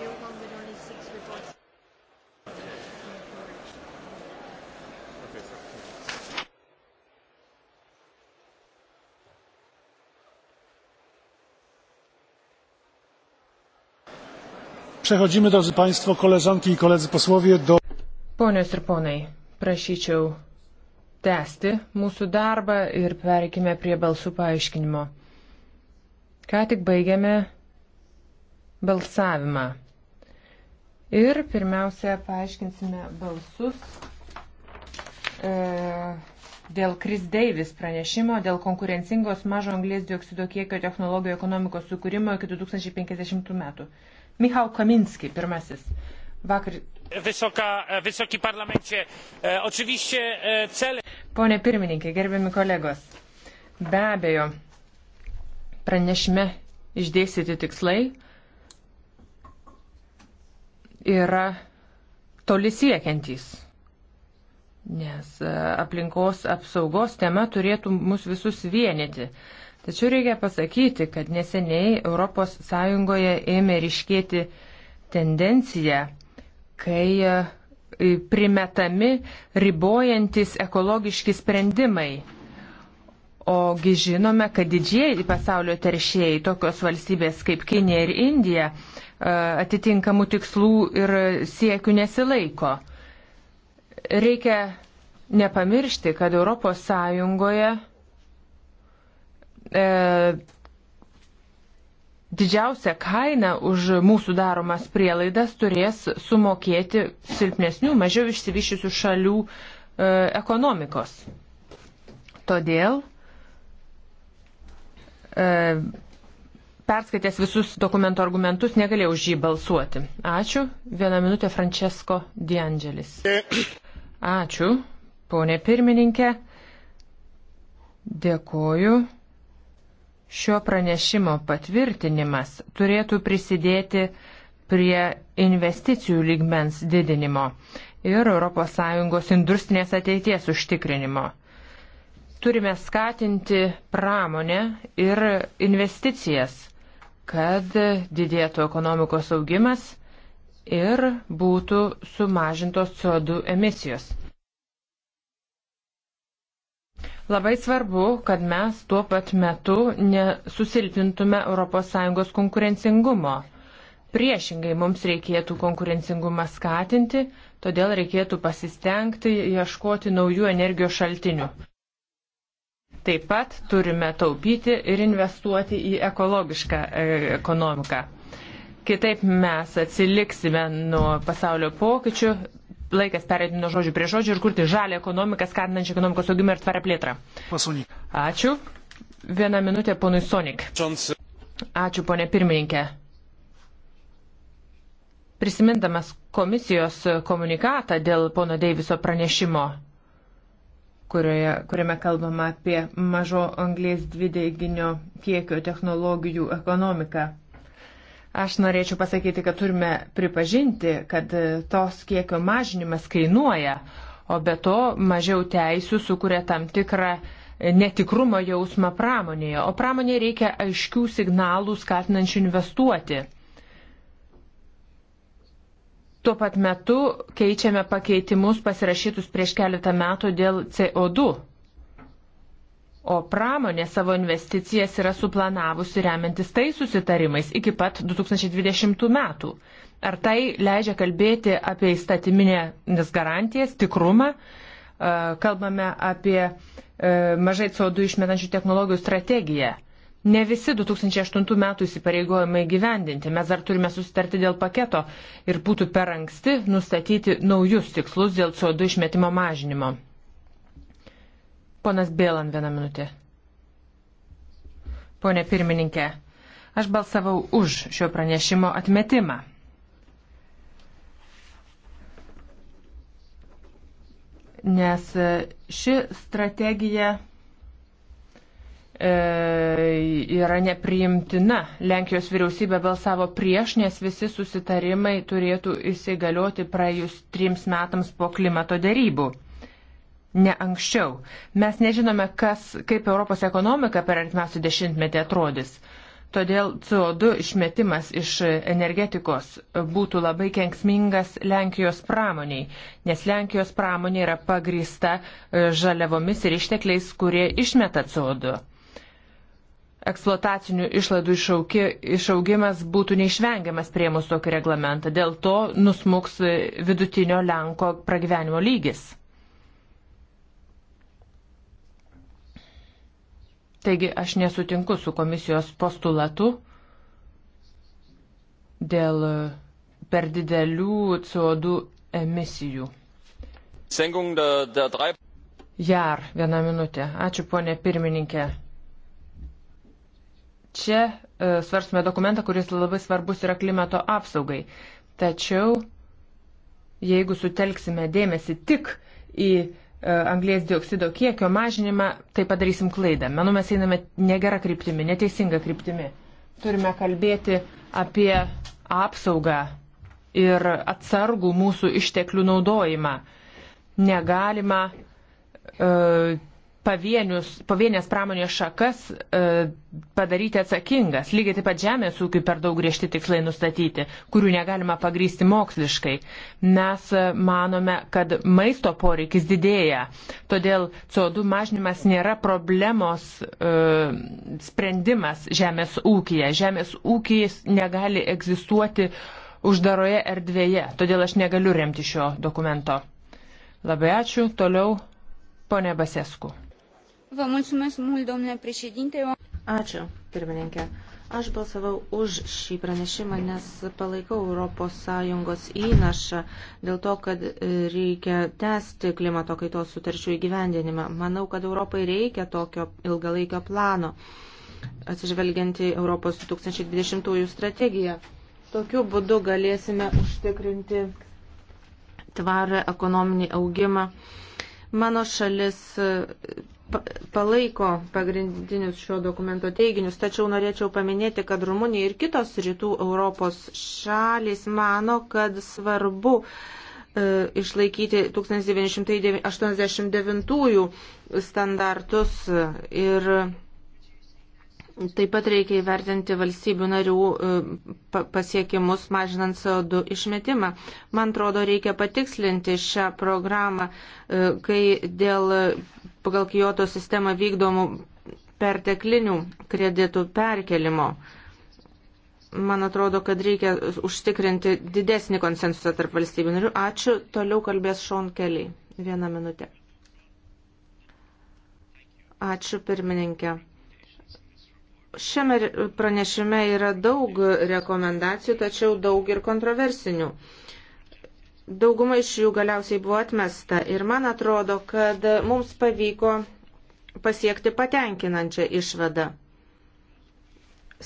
new one with only six reports. Okay, so. Przechodzimy, drodzy Państwo, koleżanki i koledzy posłowie, do. Ponios ir ponai, prašyčiau tęsti mūsų darbą ir pereikime prie balsų paaiškinimo. Ką tik baigėme balsavimą. Ir pirmiausia, paaiškinsime balsus e, dėl Kris Deivis pranešimo, dėl konkurencingos mažo anglės dioksido kiekio technologijų ekonomikos sukūrimo iki 2050 metų. Michał Kaminski, pirmasis. Vakar. Wysoka, e, wysoki parlamencie, e, oczywiście e, cele. Pone pirmininkė, gerbiami kolegos, be abejo, pranešime išdėstyti tikslai yra toli siekiantys. Nes e, aplinkos apsaugos tema turėtų mus visus vienyti. Tačiau reikia pasakyti, kad neseniai ES ėmė ryškėti tendencija, kai e, primetami ribojantis ekologiški sprendimai. Ogi žinome, kad didžiai pasaulio teršėjai, tokios valstybės kaip Kinė ir Indija, uh, E, atitinkamų tikslų ir siekių nesilaiko. Reikia nepamiršti, kad Europos Sąjungoje e, didžiausią kainą už mūsų daromas prielaidas turės sumokėti silpnesnių, mažiau išsivyščiusių šalių e, ekonomikos. Todėl e, perskaitęs visus dokumento argumentus, negalėjau už jį balsuoti. Ačiū. Vieną minutę Francesco Diangelis. Ačiū, ponė pirmininkė. Dėkoju. Šio pranešimo patvirtinimas turėtų prisidėti prie investicijų lygmens didinimo ir ES industrinės ateities užtikrinimo. Turime skatinti pramonę ir investicijas kad didėtų ekonomikos augimas ir būtų sumažintos CO2 emisijos. Labai svarbu, kad mes tuo pat metu nesusilpintume ES konkurencingumo. Priešingai mums reikėtų konkurencingumą skatinti, todėl reikėtų pasistengti ieškoti naujų energijos šaltinių. Taip pat turime taupyti ir investuoti į ekologišką e, ekonomiką. Kitaip mes atsiliksime nuo pasaulio pokyčių, laikas perėti nuo žodžių prie žodžių ir kurti žalę ekonomiką, skatinančią ekonomikos augimą ir tvarę plėtrą. Ačiū. Vieną minutę ponui Sonik. Ačiū, ponė pirmininkė. Prisimindamas komisijos komunikatą dėl pono Deiviso pranešimo kurioje, kuriame kalbama apie mažo anglės dvideginio kiekio technologijų ekonomiką. Aš norėčiau pasakyti, kad turime pripažinti, kad tos kiekio mažinimas kainuoja, o be to mažiau teisių sukuria tam tikrą netikrumo jausmą pramonėje, o pramonėje reikia aiškių signalų skatinančių investuoti. Tuo pat metu keičiame pakeitimus pasirašytus prieš keletą metų dėl CO2. O pramonė savo investicijas yra suplanavusi remiantis tai susitarimais iki pat 2020 metų. Ar tai leidžia kalbėti apie įstatyminės garantijas, tikrumą? Kalbame apie mažai CO2 išmetančių technologijų strategiją. Ne visi 2008 metų įsipareigojimai gyvendinti. Mes dar turime susitarti dėl paketo ir būtų per anksti nustatyti naujus tikslus dėl CO2 išmetimo mažinimo. Ponas Bėlan vieną minutę. Pone pirmininkė, aš balsavau už šio pranešimo atmetimą. Nes ši strategija E, yra nepriimtina. Lenkijos vyriausybė balsavo prieš, nes visi susitarimai turėtų įsigalioti praėjus trims metams po klimato dėrybų. Ne anksčiau. Mes nežinome, kas, kaip Europos ekonomika per artimiausią dešimtmetį atrodys. Todėl CO2 išmetimas iš energetikos būtų labai kenksmingas Lenkijos pramoniai, nes Lenkijos pramonė yra pagrįsta žaliavomis ir ištekliais, kurie išmeta CO2 eksploatacinių išlaidų išauki, išaugimas būtų neišvengiamas priemus tokį reglamentą. Dėl to nusmuks vidutinio Lenko pragyvenimo lygis. Taigi aš nesutinku su komisijos postulatu dėl per didelių CO2 emisijų. Jar, vieną minutę. Ačiū, ponė pirmininkė čia e, svarstume dokumentą, kuris labai svarbus yra klimato apsaugai. Tačiau, jeigu sutelksime dėmesį tik į e, anglės dioksido kiekio mažinimą, tai padarysim klaidą. Manau, mes einame negera kryptimi, neteisinga kryptimi. Turime kalbėti apie apsaugą ir atsargų mūsų išteklių naudojimą. Negalima e, pavienius, pavienės pramonės šakas e, padaryti atsakingas. Lygiai taip pat žemės ūkiui per daug griežti tikslai nustatyti, kurių negalima pagrysti moksliškai. Mes e, manome, kad maisto poreikis didėja, todėl CO2 mažinimas nėra problemos e, sprendimas žemės ūkija. Žemės ūkijas negali egzistuoti uždaroje erdvėje, todėl aš negaliu remti šio dokumento. Labai ačiū. Toliau ponė Basesku. Vă mulțumesc mult, domnule președinte. Ačiū, pirmininkė. Aš balsavau už šį pranešimą, nes palaikau ES įnašą dėl to, kad reikia tęsti klimato kaitos sutarčių įgyvendinimą. Manau, kad Europai reikia tokio ilgalaikio plano, atsižvelgianti Europos 2020 strategiją. Tokiu būdu galėsime užtikrinti tvarę ekonominį augimą. Mano šalis palaiko pagrindinius šio dokumento teiginius, tačiau norėčiau paminėti, kad Rumunija ir kitos rytų Europos šalis mano, kad svarbu e, išlaikyti 1989 standartus ir Taip pat reikia įvertinti valstybių narių e, pasiekimus mažinant CO2 išmetimą. Man atrodo, reikia patikslinti šią programą, e, kai dėl pagal Kyoto sistemą vykdomų perteklinių kreditų perkelimo. Man atrodo, kad reikia užtikrinti didesnį konsensusą tarp valstybių narių. Ačiū. Toliau kalbės Šon Keliai. Vieną minutę. Ačiū pirmininkė. Šiame pranešime yra daug rekomendacijų, tačiau daug ir kontroversinių. Dauguma iš jų galiausiai buvo atmesta ir man atrodo, kad mums pavyko pasiekti patenkinančią išvadą.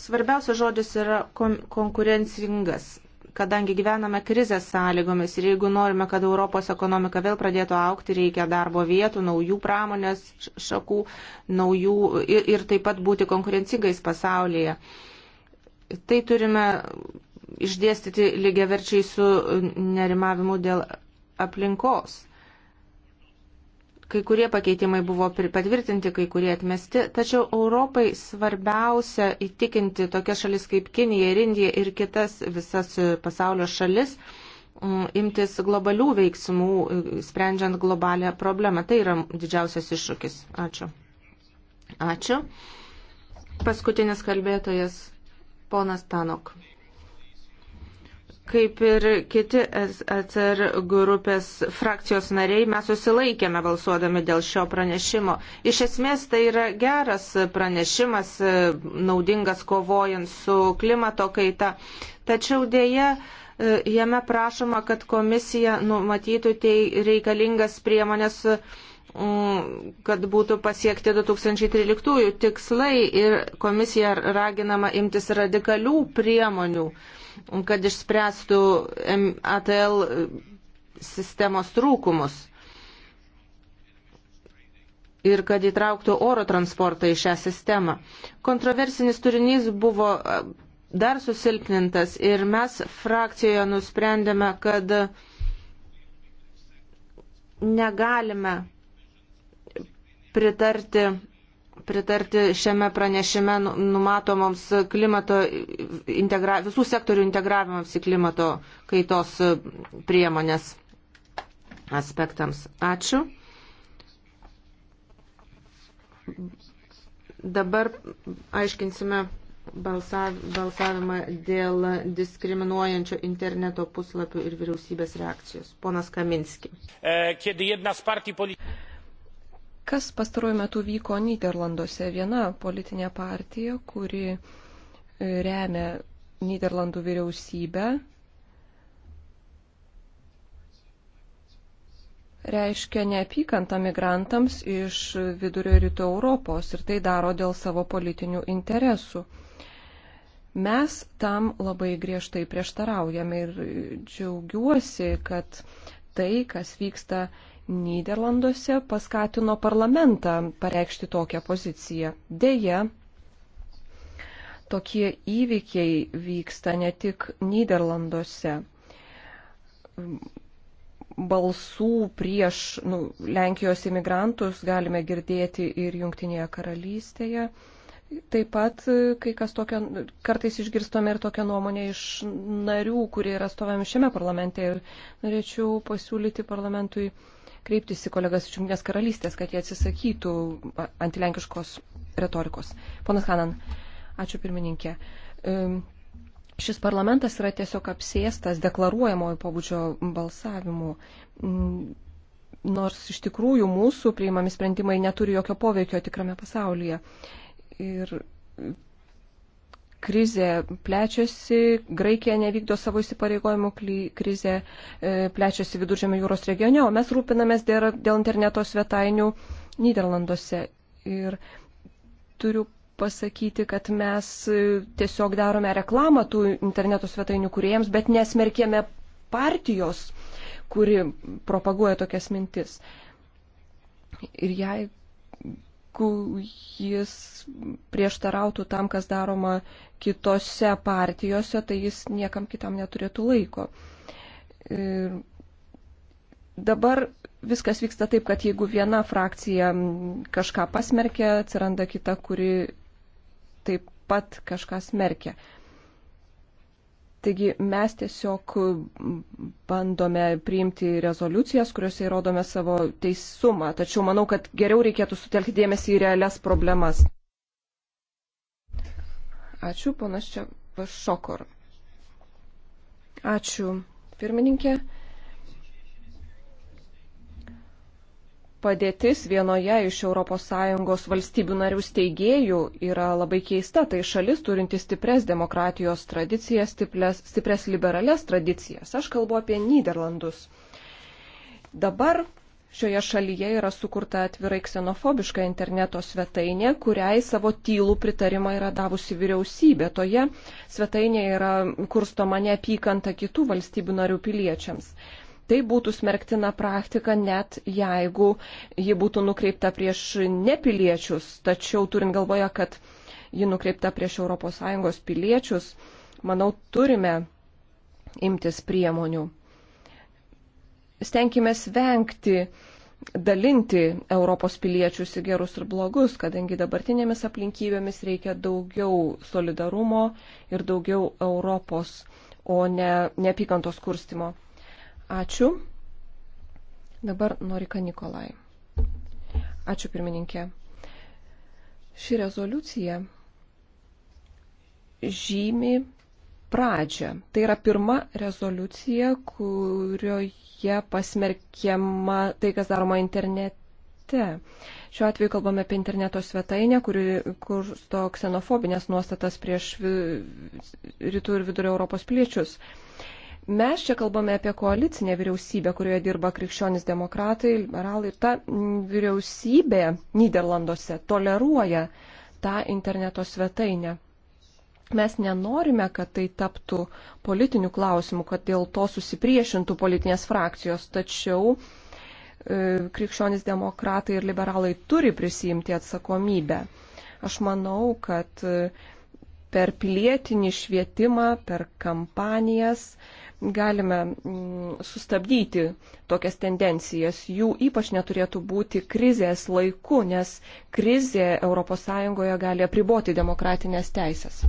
Svarbiausias žodis yra kon konkurencingas kadangi gyvename krizės sąlygomis ir jeigu norime, kad Europos ekonomika vėl pradėtų aukti, reikia darbo vietų, naujų pramonės šakų, naujų ir, ir taip pat būti konkurencingais pasaulyje. Tai turime išdėstyti lygiaverčiai su nerimavimu dėl aplinkos. Kai kurie pakeitimai buvo patvirtinti, kai kurie atmesti, tačiau Europai svarbiausia įtikinti tokias šalis kaip Kinija ir Indija ir kitas visas e, pasaulio šalis mm, imtis globalių veiksmų, e, sprendžiant globalią problemą. Tai yra didžiausias iššūkis. Ačiū. Ačiū. Paskutinis kalbėtojas, ponas Tanok. Kaip ir kiti ECR grupės frakcijos nariai, mes susilaikėme balsuodami dėl šio pranešimo. Iš esmės tai yra geras pranešimas, e, naudingas kovojant su klimato kaita. Tačiau dėja, e, jame prašoma, kad komisija numatytų tei reikalingas priemonės mm, kad būtų pasiekti 2013 tikslai ir komisija raginama imtis radikalių priemonių kad išspręstų ATL sistemos trūkumus ir kad įtrauktų oro transportą į šią sistemą. Kontroversinis turinys buvo dar susilpnintas ir mes frakcijoje nusprendėme, kad negalime pritarti pritarti šiame pranešime nu, numatomoms klimato integra, visų sektorių integravimams į klimato kaitos priemonės aspektams. Ačiū. Dabar aiškinsime balsavimą dėl diskriminuojančio interneto puslapių ir vyriausybės reakcijos. Ponas Kaminski. E, Kas pastaruoju metu vyko Niderlanduose? Viena politinė partija, kuri e, remia Niderlandų vyriausybę, reiškia neapykantą migrantams iš vidurio rytų Europos ir tai daro dėl savo politinių interesų. Mes tam labai griežtai prieštaraujame ir džiaugiuosi, kad tai, kas vyksta Niderlanduose, paskatino parlamentą pareikšti tokią poziciją. Deja, tokie įvykiai vyksta ne tik Niderlanduose. Balsų prieš nu, Lenkijos imigrantus galime girdėti ir Junktinėje karalystėje. Taip pat, e, kai kas tokio, kartais išgirstome ir tokią nuomonę iš narių, kurie yra stovami šiame parlamente ir norėčiau pasiūlyti parlamentui kreiptis į kolegas iš Junktinės karalystės, kad jie atsisakytų antilenkiškos retorikos. Ponas Hanan, ačiū pirmininkė. E, šis parlamentas yra tiesiog apsėstas deklaruojamojo pobūdžio balsavimu mm, nors iš tikrųjų mūsų priimami sprendimai neturi jokio poveikio tikrame pasaulyje ir krizė plečiasi, Graikija nevykdo savo įsipareigojimų, krizė e, plečiasi viduržėmio jūros regione, o mes rūpinamės dėl, dėl interneto svetainių Niderlanduose. Ir turiu pasakyti, kad mes e, tiesiog darome reklamą tų interneto svetainių kuriems, bet nesmerkėme partijos, kuri propaguoja tokias mintis. Ir jei jis prieštarautų tam, kas daroma kitose partijose, tai jis niekam kitam neturėtų laiko. Ir dabar viskas vyksta taip, kad jeigu viena frakcija kažką pasmerkia, atsiranda kita, kuri taip pat kažką smerkia. Taigi mes tiesiog bandome priimti rezoliucijas, kuriuose įrodome savo teisumą, tačiau manau, kad geriau reikėtų sutelkti dėmesį į realias problemas. Ačiū, ponas čia Šokor. Ačiū, pirmininkė. padėtis vienoje iš ES valstybių narių steigėjų yra labai keista. Tai šalis turinti stipres demokratijos tradicijas, stipres, stipres liberales tradicijas. Aš kalbu apie Niderlandus. Dabar šioje šalyje yra sukurta atvirai ksenofobiška interneto svetainė, kuriai savo tylų pritarimą yra davusi vyriausybė. Toje svetainėje yra kurstoma neapykanta kitų valstybių narių piliečiams tai būtų smerktina praktika, net jeigu ji būtų nukreipta prieš nepiliečius. Tačiau turint galvoje, kad ji nukreipta prieš ES piliečius, manau, turime imtis priemonių. Stenkime vengti dalinti Europos piliečius į gerus ir blogus, kadangi dabartinėmis aplinkybėmis reikia daugiau solidarumo ir daugiau Europos, o ne neapykantos kurstimo. Ačiū. Dabar Norika Nikolai. Ačiū pirmininkė. Ši rezoliucija žymi pradžią. Tai yra pirma rezoliucija, kurioje pasmerkiama tai, kas daroma internete internete. Šiuo atveju kalbame apie interneto svetainę, kuri kursto ksenofobinės nuostatas prieš rytų ir vidurio Europos piliečius. Mes čia kalbame apie koalicinę vyriausybę, kurioje dirba krikščionis demokratai, liberalai ir ta vyriausybė Niderlanduose toleruoja tą interneto svetainę. Mes nenorime, kad tai taptų politiniu klausimu, kad dėl to susipriešintų politinės frakcijos, tačiau e, krikščionis demokratai ir liberalai turi prisijimti atsakomybę. Aš manau, kad e, per pilietinį švietimą, per kampanijas galime mm, sustabdyti tokias tendencijas. Jų ypač neturėtų būti krizės laiku, nes krizė ES gali apriboti demokratinės teisės.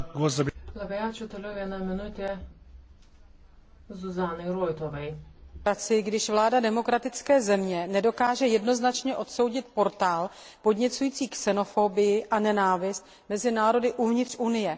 Labai ačiū toliau vieną minutę Zuzanai Roitovai demokracii když vláda demokratické země nedokáže jednoznačně odsoudit portál podněcující xenofobii a nenávist mezi národy uvnitř unie.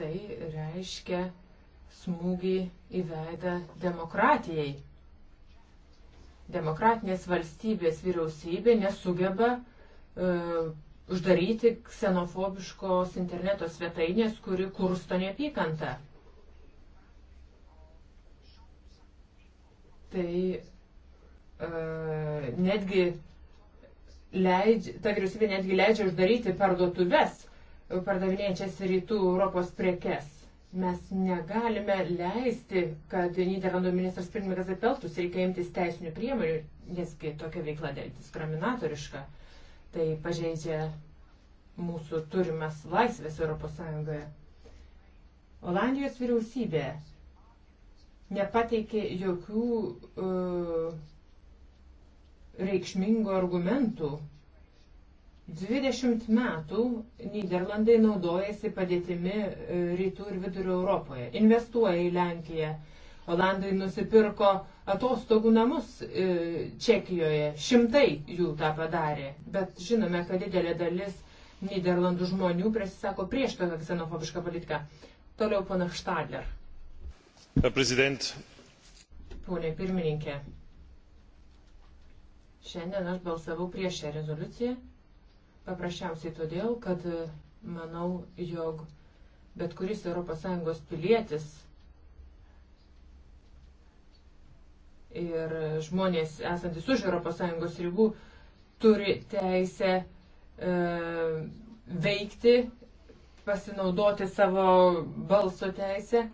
tai reiškia smūgį į veidą demokratijai. Demokratinės valstybės vyriausybė nesugeba uh, uždaryti ksenofobiškos interneto svetainės, kuri kursto neapykantą. Tai uh, netgi leidžia, ta vyriausybė netgi leidžia uždaryti parduotuves pardavinėjančias rytų Europos prekes. Mes negalime leisti, kad Niderlandų ministras pirmininkas atpeltųsi, reikia imtis teisinių priemonių, nesgi tokia veikla diskriminatoriška. Tai pažeidžia mūsų turimas laisvės Europos Sąjungoje. Olandijos vyriausybė nepateikė jokių uh, reikšmingų argumentų 20 metų Niderlandai naudojasi padėtimi e, rytų ir vidurio Europoje. Investuoja į Lenkiją. Olandai nusipirko atostogų namus e, Čekijoje. Šimtai jų tą padarė. Bet žinome, kad didelė dalis Niderlandų žmonių prisisako prieš tokią ksenofobišką politiką. Toliau pana Štadler. Pone pirmininkė. Šiandien aš balsavau prieš šią rezoliuciją Paprasčiausiai todėl, kad e, manau, jog bet kuris ES pilietis ir žmonės esantis už ES ribų turi teisę e, veikti, pasinaudoti savo balso teisę e,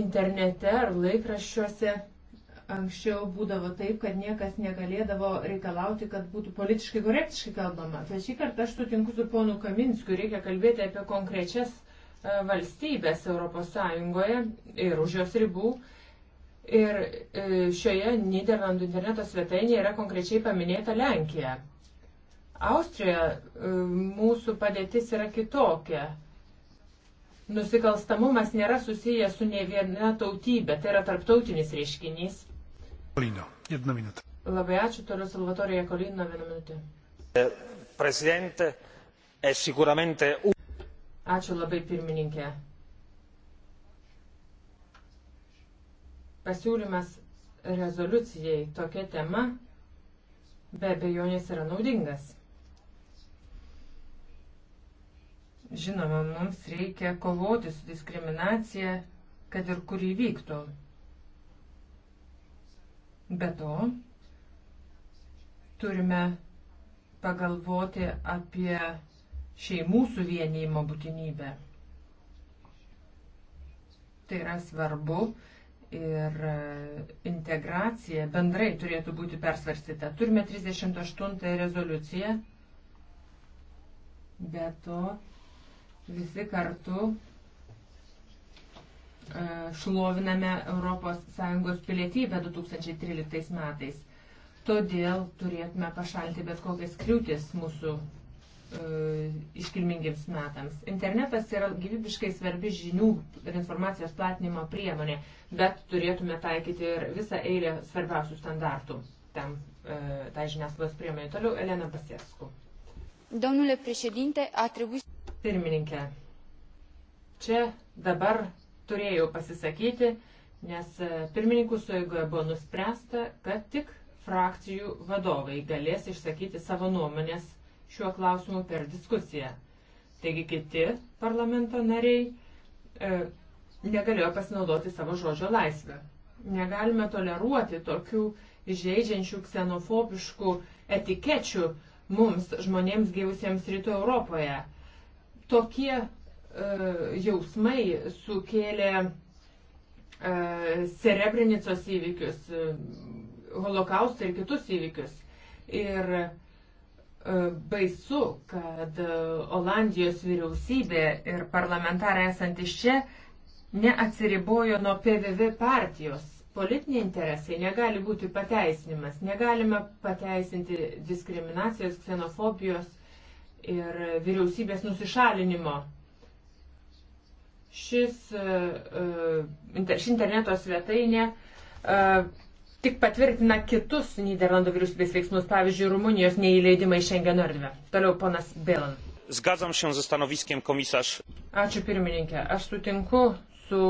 internete ar laikraščiuose Anksčiau būdavo taip, kad niekas negalėdavo reikalauti, kad būtų politiškai korektiškai kalbama. Bet tai šį kartą aš sutinku su ponu Kaminskiu, reikia kalbėti apie konkrečias e, valstybės ES ir už jos ribų. Ir e, šioje Niderlandų interneto svetainėje yra konkrečiai paminėta Lenkija. Austrijoje mūsų padėtis yra kitokia. Nusikalstamumas nėra susijęs su ne viena tautybė, tai yra tarptautinis reiškinys. Kolino, vieną minutę. Labai ačiū, toliau Salvatorija Kolino, vieną minutę. E, Prezidente, sicuramente. Ačiū labai pirmininkė. Pasiūlymas rezoliucijai tokia tema be abejonės yra naudingas. Žinoma, mums reikia kovoti su diskriminacija, kad ir kur įvyktų. Be to, turime pagalvoti apie šeimų suvienijimo būtinybę. Tai yra svarbu ir integracija bendrai turėtų būti persvarstyta. Turime 38 rezoliuciją, bet to visi kartu E, šloviname ES pilietybę 2013 metais. Todėl turėtume pašalinti bet kokias kliūtis mūsų e, iškilmingiams metams. Internetas yra gyvybiškai svarbi žinių ir informacijos platinimo priemonė, bet turėtume taikyti ir visą eilę svarbiausių standartų tam, e, tai žiniasklaidos priemonė. Toliau Elena Pasiesku. Domnule președinte, a trebuit. Pirmininkė, čia dabar turėjau pasisakyti, nes e, pirmininkų sueigoje buvo nuspręsta, kad tik frakcijų vadovai galės išsakyti savo nuomonės šiuo klausimu per diskusiją. Taigi kiti parlamento nariai e, negalėjo pasinaudoti savo žodžio laisvę. Negalime toleruoti tokių žaidžiančių ksenofobiškų etikečių mums, žmonėms gyvusiems rytų Europoje. Tokie E, jausmai sukėlė e, Serebrinicos įvykius, e, holokaustą ir kitus įvykius. Ir baisu, kad Olandijos vyriausybė ir parlamentarai esantis čia neatsiribojo nuo PVV partijos. Politiniai interesai negali būti pateisinimas. Negalime pateisinti diskriminacijos, ksenofobijos ir vyriausybės nusišalinimo Šis, e, e, ši interneto svetainė e, tik patvirtina kitus Niderlandų vyriausybės veiksmus, pavyzdžiui, Rumunijos neįleidimą į Schengeno erdvę. Toliau ponas Bilan. Zgadzam się ze stanowiskiem komisarz. Ačiū pirmininkė. Aš sutinku su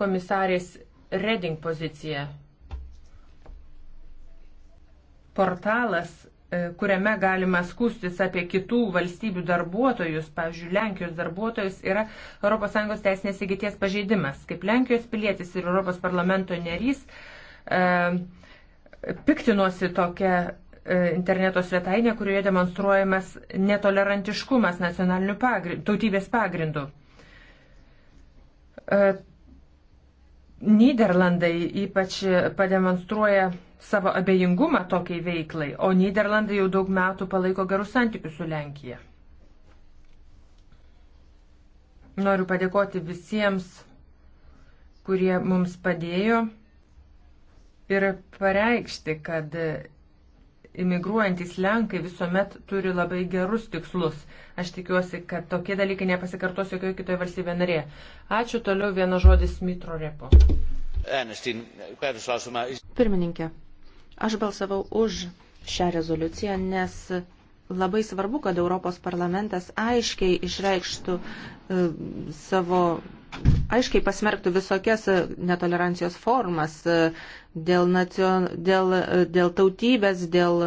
komisarės Reding pozicija. Portalas E, kuriame galima skūstis apie kitų valstybių darbuotojus, pavyzdžiui, Lenkijos darbuotojus, yra ES teisinės įgyties pažeidimas. Kaip Lenkijos pilietis ir Europos parlamento narys e, piktinuosi tokią e, interneto svetainę, kurioje demonstruojamas netolerantiškumas nacionalinių pagrind, tautybės pagrindų. E, Niderlandai ypač pademonstruoja savo abejingumą tokiai veiklai, o Niderlandai jau daug metų palaiko gerus santykius su Lenkija. Noriu padėkoti visiems, kurie mums padėjo ir pareikšti, kad imigruojantis Lenkai visuomet turi labai gerus tikslus. Aš tikiuosi, kad tokie dalykai nepasikartos jokioje kitoje valstybėje narėje. Ačiū toliau vienas žodis Mitro Repo. Pirmininkė, Aš balsavau už šią rezoliuciją, nes labai svarbu, kad Europos parlamentas aiškiai išreikštų e, savo, aiškiai pasmerktų visokias e, netolerancijos formas e, dėl, nacion, dėl, dėl tautybės, dėl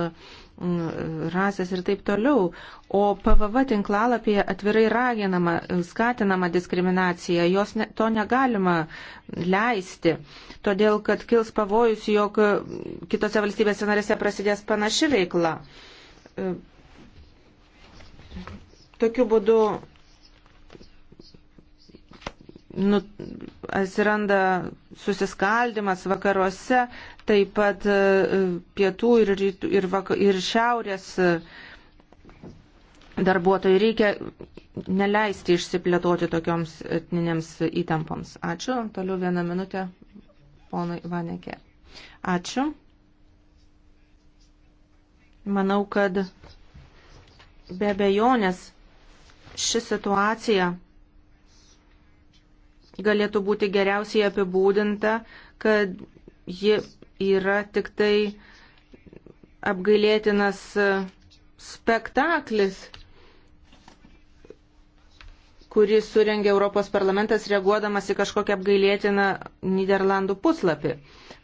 rasės ir taip toliau. O PVV tinklalapyje atvirai raginama, skatinama diskriminacija, jos ne, to negalima leisti, todėl kad kils pavojus, jog kitose valstybėse narėse prasidės panaši veikla. Tokiu būdu nu, atsiranda susiskaldimas vakaruose, taip pat e, pietų ir, rytų, ir, vaka, ir šiaurės e, darbuotojai reikia neleisti išsiplėtoti tokioms etninėms įtampoms. Ačiū. Toliau vieną minutę ponui Vanekė. Ačiū. Manau, kad be bejonės ši situacija galėtų būti geriausiai apibūdinta, kad ji yra tik tai apgailėtinas e, spektaklis, kurį surengė Europos parlamentas reaguodamas į kažkokią apgailėtiną Niderlandų puslapį.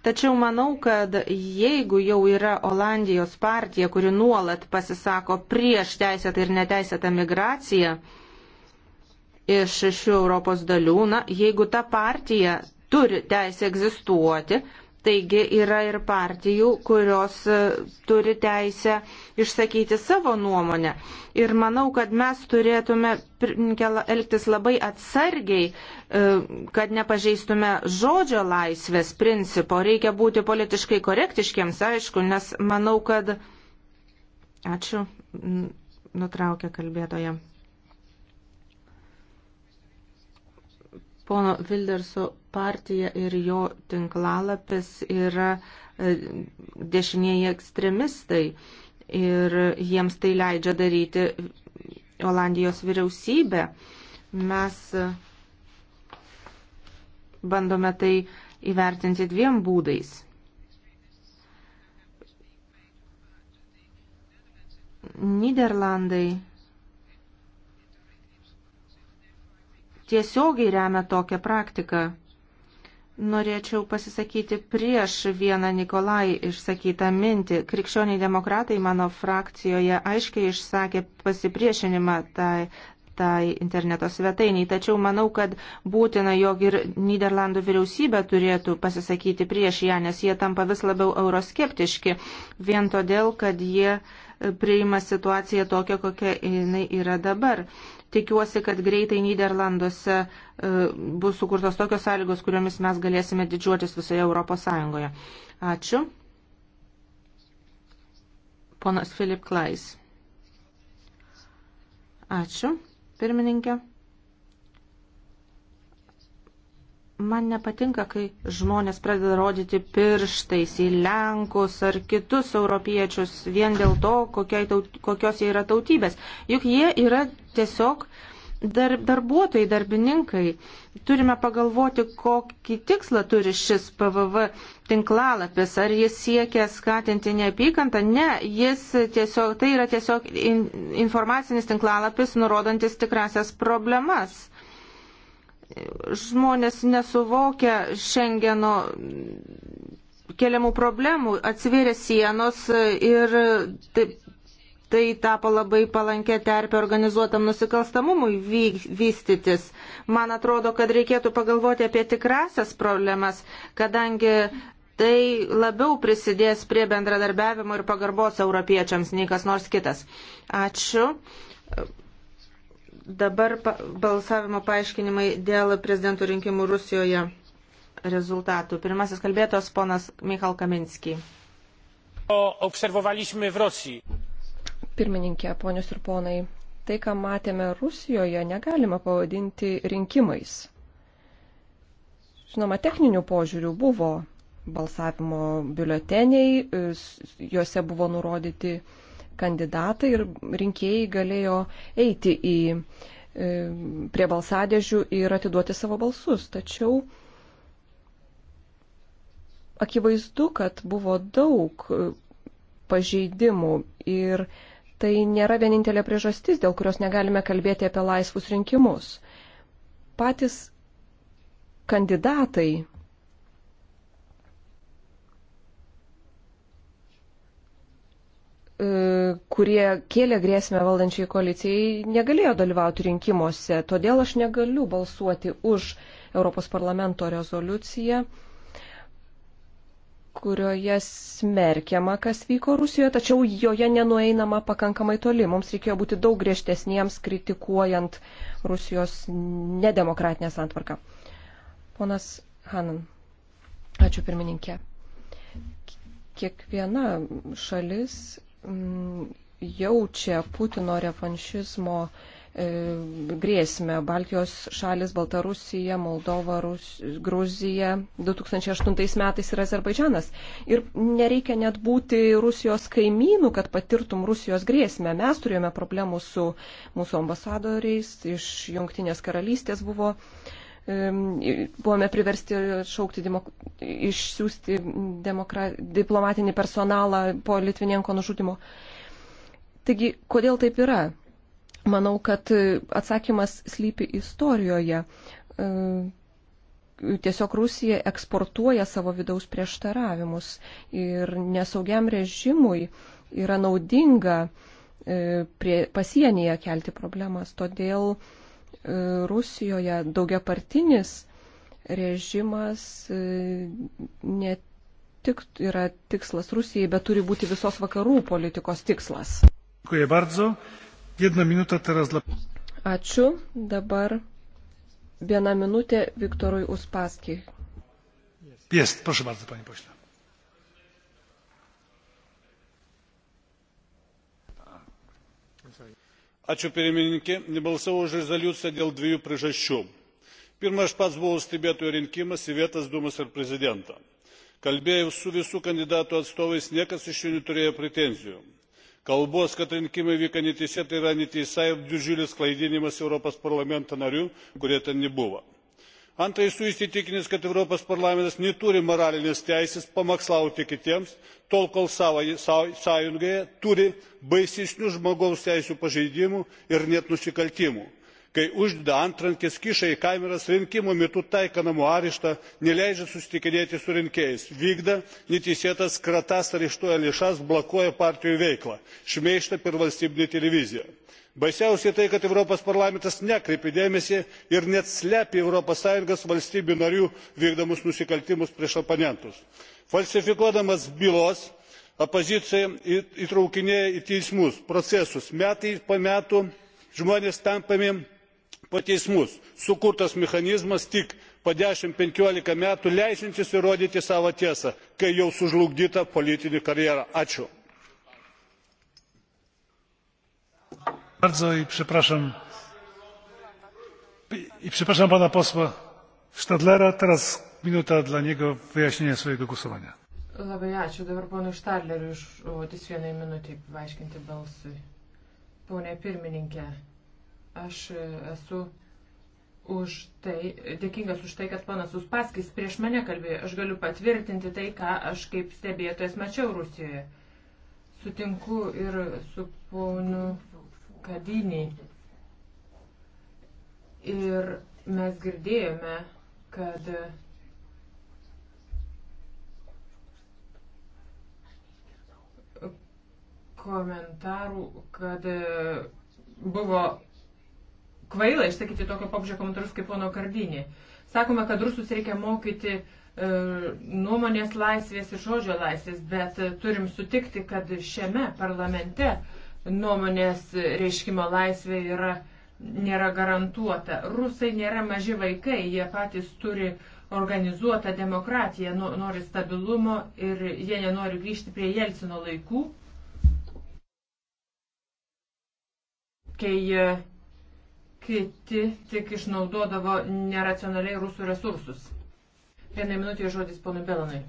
Tačiau manau, kad jeigu jau yra Olandijos partija, kuri nuolat pasisako prieš teisėtą ir neteisėtą migraciją, iš šių Europos dalių. Na, jeigu ta partija turi teisę egzistuoti, taigi yra ir partijų, kurios e, turi teisę išsakyti savo nuomonę. Ir manau, kad mes turėtume elgtis labai atsargiai, e, kad nepažeistume žodžio laisvės principo. Reikia būti politiškai korektiškiams, aišku, nes manau, kad. Ačiū. Nutraukė kalbėtoje. Pono Vilderso partija ir jo tinklalapis yra e, dešinieji ekstremistai ir jiems tai leidžia daryti Olandijos vyriausybė. Mes e, bandome tai įvertinti dviem būdais. Niderlandai tiesiogiai remia tokią praktiką. Norėčiau pasisakyti prieš vieną Nikolai išsakytą mintį. Krikščioniai demokratai mano frakcijoje aiškiai išsakė pasipriešinimą tai, tai interneto svetainiai, tačiau manau, kad būtina, jog ir Niderlandų vyriausybė turėtų pasisakyti prieš ją, nes jie tampa vis labiau euroskeptiški, vien todėl, kad jie uh, priima situaciją tokią, kokia jinai yra dabar. Tikiuosi, kad greitai Niderlanduose e, bus sukurtos tokios sąlygos, kuriomis mes galėsime didžiuotis visoje Europos Sąjungoje. Ačiū. Ponas Filip Klais. Ačiū, pirmininkė. Man nepatinka, kai žmonės pradeda rodyti pirštais į Lenkus ar kitus europiečius vien dėl to, taut, kokios jie yra tautybės. Juk jie yra tiesiog dar, darbuotojai, darbininkai. Turime pagalvoti, kokį tikslą turi šis PVV tinklalapis. Ar jis siekia skatinti neapykantą? Ne, jis tiesiog, tai yra tiesiog in, informacinis tinklalapis, nurodantis tikrasias problemas žmonės nesuvokia Šengeno keliamų problemų, atsivėrė sienos ir taip, tai tapo labai palankę terpę organizuotam nusikalstamumui vystytis. Man atrodo, kad reikėtų pagalvoti apie tikrasias problemas, kadangi tai labiau prisidės prie bendradarbiavimo ir pagarbos europiečiams nei kas nors kitas. Ačiū. Dabar balsavimo paaiškinimai dėl prezidentų rinkimų Rusijoje rezultatų. Pirmasis kalbėtos ponas Michal Kaminski. Pirmininkė, ponios ir ponai, tai, ką matėme Rusijoje, negalima pavadinti rinkimais. Žinoma, techninių požiūrių buvo balsavimo biuleteniai, juose buvo nurodyti kandidatai ir rinkėjai galėjo eiti į, e, prie balsadėžių ir atiduoti savo balsus. Tačiau akivaizdu, kad buvo daug e, pažeidimų ir tai nėra vienintelė priežastis, dėl kurios negalime kalbėti apie laisvus rinkimus. Patys kandidatai E, kurie kėlė grėsmę valdančiai koalicijai, negalėjo dalyvauti rinkimuose. Todėl aš negaliu balsuoti už Europos parlamento rezoliuciją, kurioje smerkiama, kas vyko Rusijoje, tačiau joje nenueinama pakankamai toli. Mums reikėjo būti daug griežtesniems, kritikuojant Rusijos nedemokratinę santvarką. Ponas Hanan, ačiū pirmininkė kiekviena šalis Mm, jaučia Putino revanšizmo e, grėsmę. Baltijos šalis - Baltarusija, Moldova, Rus, Gruzija, 2008 metais ir Azerbaidžianas. Ir nereikia net būti Rusijos kaimynų, kad patirtum Rusijos grėsmę. Mes turėjome problemų su mūsų ambasadoriais, iš Junktinės karalystės buvo uh, buvome priversti šaukti, demok... išsiųsti demokra... diplomatinį personalą po Litvinienko nužudimo. Taigi, kodėl taip yra? Manau, kad e, atsakymas slypi istorijoje. E, tiesiog Rusija eksportuoja savo vidaus prieštaravimus ir nesaugiam režimui yra naudinga e, prie pasienyje kelti problemas. Todėl uh, Rusijoje daugiapartinis režimas e, ne tik yra tikslas Rusijai, bet turi būti visos vakarų politikos tikslas. Ačiū. Dabar viena minutė Viktorui Uspaskijui. Jest, proszę bardzo, panie pośle. Sorry balsavau už rezoliuciją dėl dviejų priežasčių. pirma aš pats buvau stebėtojo rinkimuose į vietos dūmos ir prezidento. kalbėjau su visų kandidatų atstovais niekas iš jų neturėjo pretenzijų. kalbos kad rinkimai vyko neteisėtai yra neteisai ir didžiulis klaidinimas europos parlamento narių kurie ten nebuvo antra esu įsitikinęs kad europos parlamentas neturi moralinės teisės pamokslauti kitiems tol kol savo sąjungoje turi baisesnių žmogaus teisių pažeidimų ir net nusikaltimų kai uždeda antrankius kiša į kameras rinkimų metu taiko namų areštą neleidžia susitikinėti su rinkėjais vykdo neteisėtas kratas areštuoja lėšas blokuoja partijų veiklą šmeižtą per valstybinę televiziją baisiausia tai kad europos parlamentas nekreipia dėmesio ir net slepia europos sąjungos valstybių narių vykdomus nusikaltimus prieš oponentus falsifikuodamas bylas opoziciją įtraukinėja į teismus procesus metai po metų žmonės tampomi po teismus sukurtas mechanizmas tik po dešimt penkiolika metų leidžiantis įrodyti savo tiesą kai jau sužlugdyta politinė karjera. ačiū. bardzo i przepraszam i przepraszam pana posła stadlera teraz minuta dla niego wyjaśnienia swojego głosowania. Labai ačiū dabar ponui Štadleriui užduotis vienai minutį paaiškinti balsui. Pone pirmininkė, aš esu už tai, dėkingas už tai, kad ponas Uspaskis prieš mane kalbėjo. Aš galiu patvirtinti tai, ką aš kaip stebėtojas mačiau Rusijoje. Sutinku ir su ponu kavinį. Ir mes girdėjome, kad komentarų, kad e, buvo kvaila išsakyti tokio pobūdžio komentarus kaip pono Kardinį. Sakome, kad rusus reikia mokyti e, nuomonės laisvės ir žodžio laisvės, bet turim sutikti, kad šiame parlamente nuomonės reiškimo laisvė yra, nėra garantuota. Rusai nėra maži vaikai, jie patys turi organizuotą demokratiją, nori stabilumo ir jie nenori grįžti prie Jelcino laikų, kai e, kiti tik išnaudodavo neracionaliai rusų resursus. Vienai minutėje žodis ponui Belanui.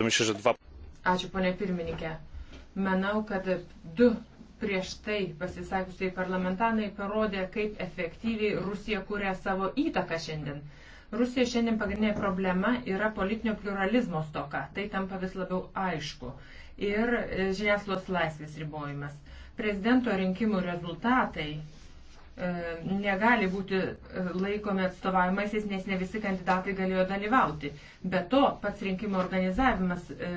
Ačiū, ponė pirmininkė. Manau, kad du prieš tai pasisakusiai parlamentarai parodė, kaip efektyviai Rusija kuria savo įtaką šiandien. Rusija šiandien pagrindinė problema yra politinio pluralizmo stoka. Tai tampa vis labiau aišku. Ir e, žiniasklaidos laisvės ribojimas. Prezidento rinkimų rezultatai e, negali būti e, laikomi atstovavimaisiais, nes ne visi kandidatai galėjo dalyvauti. Be to, pats rinkimų organizavimas e,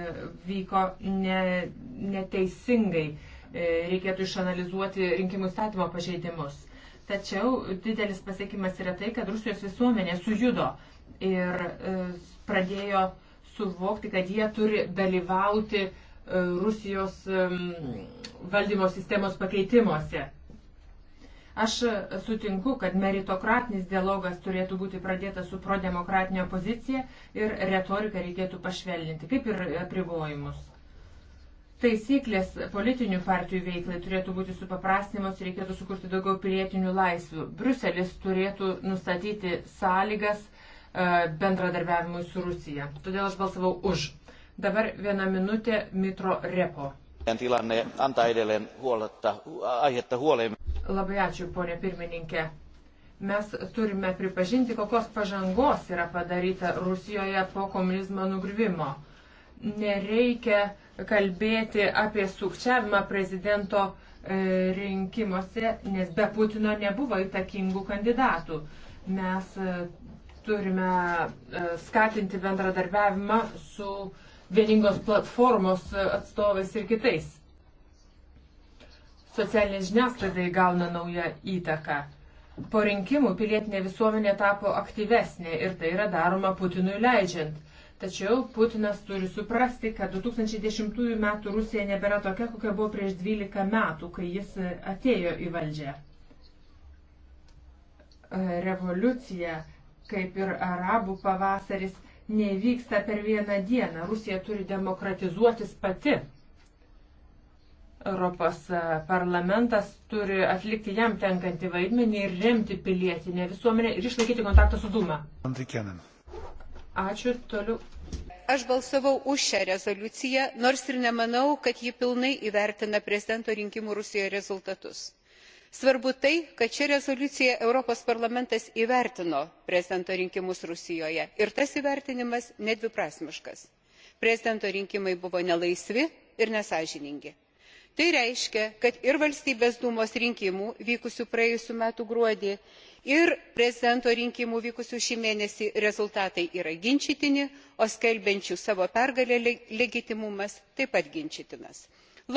vyko ne, neteisingai E, reikėtų išanalizuoti rinkimų statymo pažeidimus. Tačiau didelis pasiekimas yra tai, kad Rusijos visuomenė sujudo ir e, pradėjo suvokti, kad jie turi dalyvauti e, Rusijos valdymo sistemos pakeitimuose. Aš sutinku, kad meritokratinis dialogas turėtų būti pradėtas su prodemokratinė opozicija ir retoriką reikėtų pašvelninti, kaip ir apribojimus. Taisyklės politinių partijų veiklai turėtų būti supaprastinimos ir reikėtų sukurti daugiau pilietinių laisvių. Bruselis turėtų nustatyti sąlygas e, bendradarbiavimui su Rusija. Todėl aš balsavau už. Dabar viena minutė Mitro Repo. Tilanne antaa edelleen huoletta, aihetta huoleen. Labai ačiū, ponė pirmininkė. Mes turime pripažinti, kokios pažangos yra padaryta Rusijoje po komunizmo nugrįvimo nereikia kalbėti apie sukčiavimą prezidento e, rinkimuose, nes be Putino nebuvo įtakingų kandidatų. Mes e, turime e, skatinti bendradarbiavimą su vieningos platformos atstovais ir kitais. Socialinė žiniasklaida įgauna naują įtaką. Po rinkimų pilietinė visuomenė tapo aktyvesnė ir tai yra daroma Putinui leidžiant. Tačiau Putinas turi suprasti, kad 2010 metų Rusija nebėra tokia, kokia buvo prieš 12 metų, kai jis e, atėjo į valdžią. E, revoliucija, kaip ir arabų pavasaris, nevyksta per vieną dieną. Rusija turi demokratizuotis pati. Europos e, parlamentas turi atlikti jam tenkantį vaidmenį ir remti pilietinę visuomenę ir išlaikyti kontaktą su Duma. Ačiū. Toliau Aš balsavau už šią rezoliuciją, nors ir nemanau, kad ji pilnai įvertina prezidento rinkimų Rusijoje rezultatus. Svarbu tai, kad šią rezoliuciją Europos parlamentas įvertino prezidento rinkimus Rusijoje ir tas įvertinimas nedviprasmiškas. Prezidento rinkimai buvo nelaisvi ir nesažiningi. Tai reiškia, kad ir valstybės dūmos rinkimų vykusių praėjusiu metu gruodį ir prezidento rinkimų vykusių šį mėnesį rezultatai yra ginčytini o skelbiančių savo pergalę legitimumas taip pat ginčytinas.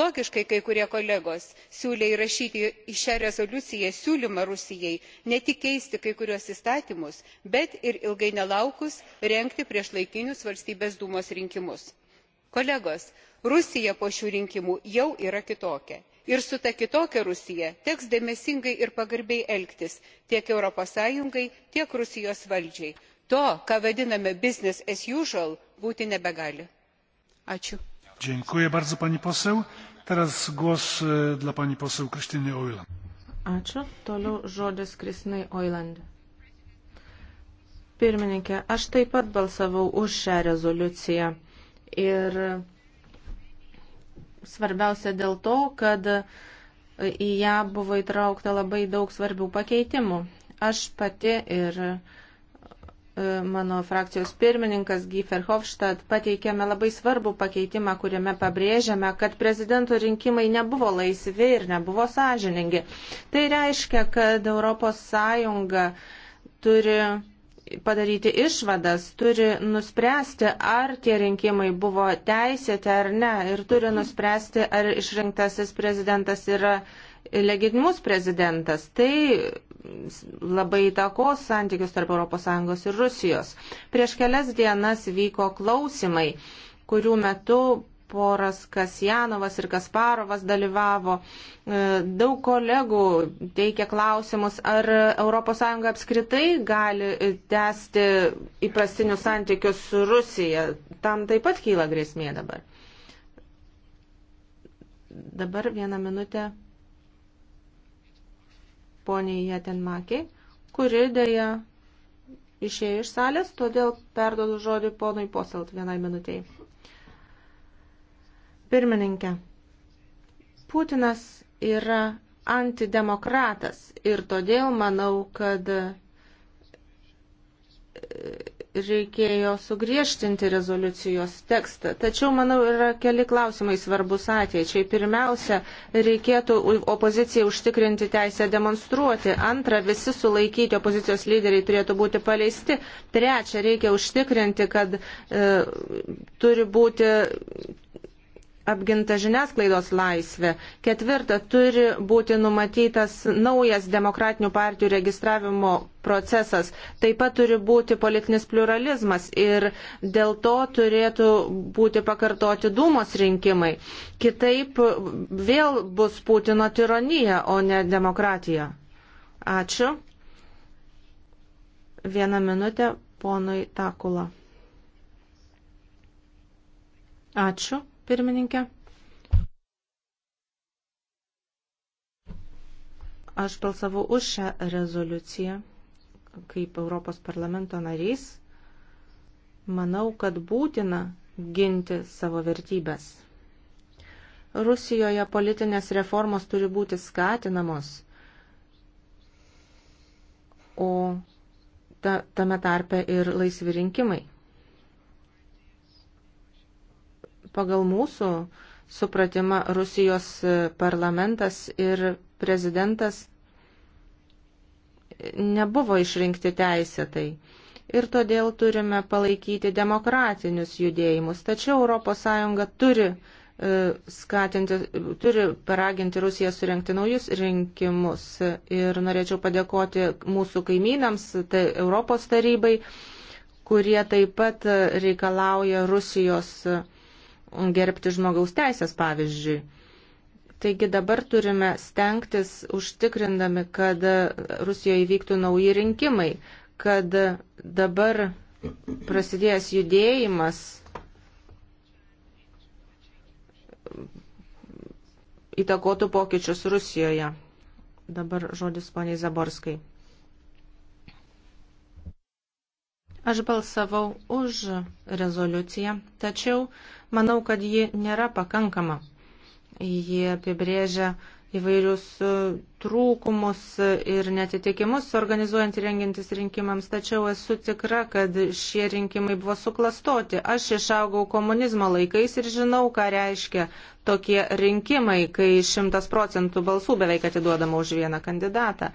logiškai kai kurie kolegos siūlė įrašyti į šią rezoliuciją siūlymą rusijai ne tik keisti kai kuriuos įstatymus bet ir ilgai nelaukus rengti priešlaikinius valstybės dūmos rinkimus. kolegos rusija po šių rinkimų jau yra kitokia ir su ta kitokia rusija teks dėmesingai ir pagarbiai elgtis tiek europos sąjungai tiek rusijos valdžiai. to ką vadiname business as usual būti nebegali. Ačiū. E, Toliau žodis Kristinai Oiland. Pirmininkė, aš taip pat balsavau už šią rezoliuciją ir svarbiausia dėl to, kad į ją buvo įtraukta labai daug svarbių pakeitimų. Aš pati ir e, mano frakcijos pirmininkas Giefer Hofstadt pateikėme labai svarbų pakeitimą, kuriame pabrėžiame, kad prezidento rinkimai nebuvo laisvi ir nebuvo sąžiningi. Tai reiškia, kad ES turi padaryti išvadas, turi nuspręsti, ar tie rinkimai buvo teisėti ar ne, ir turi nuspręsti, ar išrinktasis prezidentas yra legitimus prezidentas. Tai labai įtakos santykius tarp ES ir Rusijos. Prieš kelias dienas vyko klausimai, kurių metu poras Kasjanovas ir Kasparovas dalyvavo. E, daug kolegų teikia klausimus, ar ES apskritai gali tęsti įprastinius santykius su Rusija. Tam taip pat kyla grėsmė dabar. Dabar vieną minutę poniai Jatenmakiai, kuri dėja išėjo iš salės, todėl perdodu žodį ponui Poselt vienai minutėjai. Pirmininkė, Putinas yra antidemokratas ir todėl manau, kad e, reikėjo sugriežtinti rezoliucijos tekstą. Tačiau, manau, yra keli klausimai svarbus ateičiai. Pirmiausia, reikėtų opozicijai užtikrinti teisę demonstruoti. Antra, visi sulaikyti opozicijos lyderiai turėtų būti paleisti. Trečia, reikia užtikrinti, kad e, turi būti apginta žiniasklaidos laisvė. Ketvirta, turi būti numatytas naujas demokratinių partijų registravimo procesas. Taip pat turi būti politinis pluralizmas ir dėl to turėtų būti pakartoti Dūmos rinkimai. Kitaip vėl bus Putino tironija, o ne demokratija. Ačiū. Vieną minutę ponui Takula. Ačiū pirmininkė. Aš balsavau už šią rezoliuciją kaip Europos parlamento narys. Manau, kad būtina ginti savo vertybės. Rusijoje politinės reformos turi būti skatinamos, o ta, tame tarpe ir laisvi rinkimai. Pagal mūsų supratimą Rusijos parlamentas ir prezidentas nebuvo išrinkti teisėtai. Ir todėl turime palaikyti demokratinius judėjimus. Tačiau ES turi e, skatinti, turi paraginti Rusiją surenkti naujus rinkimus. Ir norėčiau padėkoti mūsų kaimynams, tai Europos tarybai, kurie taip pat reikalauja Rusijos gerbti žmogaus teisės, pavyzdžiui. Taigi dabar turime stengtis užtikrindami, kad Rusijoje įvyktų nauji rinkimai, kad dabar prasidėjęs judėjimas įtakotų pokyčius Rusijoje. Dabar žodis poniai Zaborskai. Aš balsavau už rezoliuciją, tačiau manau, kad ji nėra pakankama. Ji apibrėžia įvairius e, trūkumus ir netitikimus organizuojant ir rengintis rinkimams, tačiau esu tikra, kad šie rinkimai buvo suklastoti. Aš išaugau komunizmo laikais ir žinau, ką reiškia tokie rinkimai, kai šimtas procentų balsų beveik atiduodama už vieną kandidatą.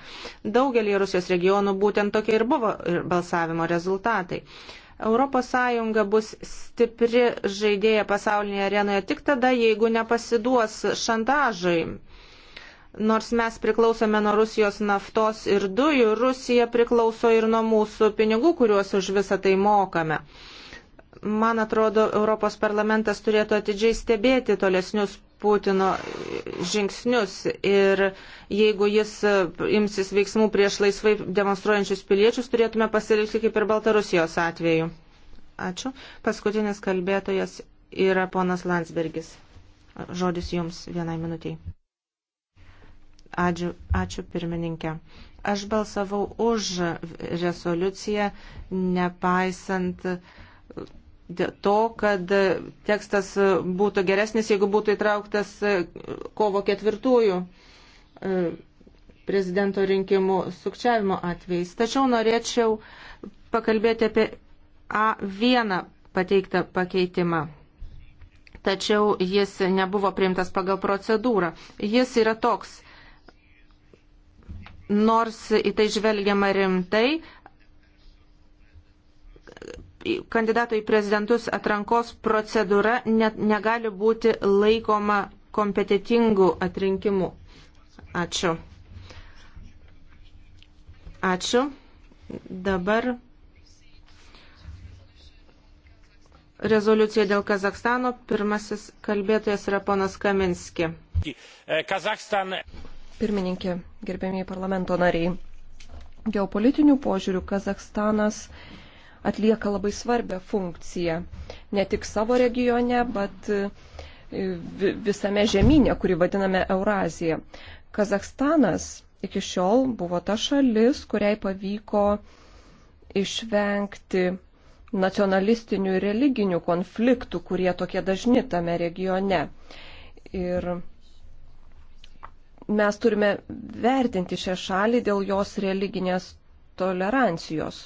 Daugelį Rusijos regionų būtent tokie ir buvo balsavimo rezultatai. ES bus stipri žaidėja pasaulinėje arenoje tik tada, jeigu nepasiduos šantažai Nors mes priklausome nuo Rusijos naftos ir dujų, Rusija priklauso ir nuo mūsų pinigų, kuriuos už visą tai mokame. Man atrodo, Europos parlamentas turėtų atidžiai stebėti tolesnius Putino žingsnius ir jeigu jis imsis veiksmų prieš laisvai demonstruojančius piliečius, turėtume pasirinkti kaip ir Baltarusijos atveju. Ačiū. Paskutinis kalbėtojas yra ponas Landsbergis. Žodis jums vienai minutiai. Ačiū, ačiū pirmininkė. Aš balsavau už rezoliuciją, nepaisant to, kad tekstas būtų geresnis, jeigu būtų įtrauktas kovo ketvirtųjų e, prezidento rinkimų sukčiavimo atvejais. Tačiau norėčiau pakalbėti apie A1 pateiktą pakeitimą. Tačiau jis nebuvo priimtas pagal procedūrą. Jis yra toks nors į tai žvelgiama rimtai, kandidato į prezidentus atrankos procedūra net negali būti laikoma kompetitingų atrinkimų. Ačiū. Ačiū. Dabar rezoliucija dėl Kazakstano. Pirmasis kalbėtojas yra ponas Kaminski. Kazakstanas pirmininkė, gerbėmiai parlamento nariai. Geopolitinių požiūrių Kazakstanas atlieka labai svarbę funkciją ne tik savo regione, bet e, visame žemynė, kurį vadiname Eurazija. Kazakstanas iki šiol buvo ta šalis, kuriai pavyko išvengti nacionalistinių ir religinių konfliktų, kurie tokie dažni tame regione. Ir mes turime vertinti šią šalį dėl jos religinės tolerancijos.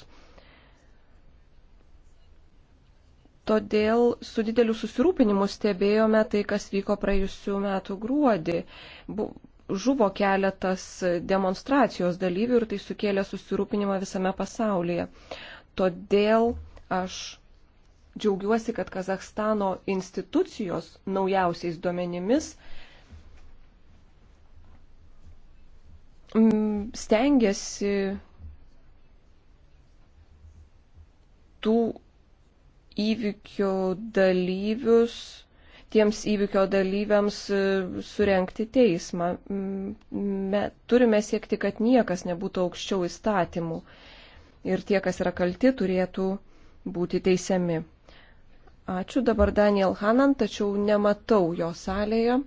Todėl su dideliu susirūpinimu stebėjome tai, kas vyko praėjusiu metu gruodį. Bu, žuvo keletas demonstracijos dalyvių ir tai sukėlė susirūpinimą visame pasaulyje. Todėl aš džiaugiuosi, kad Kazakstano institucijos naujausiais duomenimis Mm, stengiasi tų įvykio dalyvius, tiems įvykio dalyviams e, surenkti teismą. Mm, me, turime siekti, kad niekas nebūtų aukščiau įstatymų ir tie, kas yra kalti, turėtų būti teisiami. Ačiū dabar Daniel Hanan, tačiau nematau jo salėje,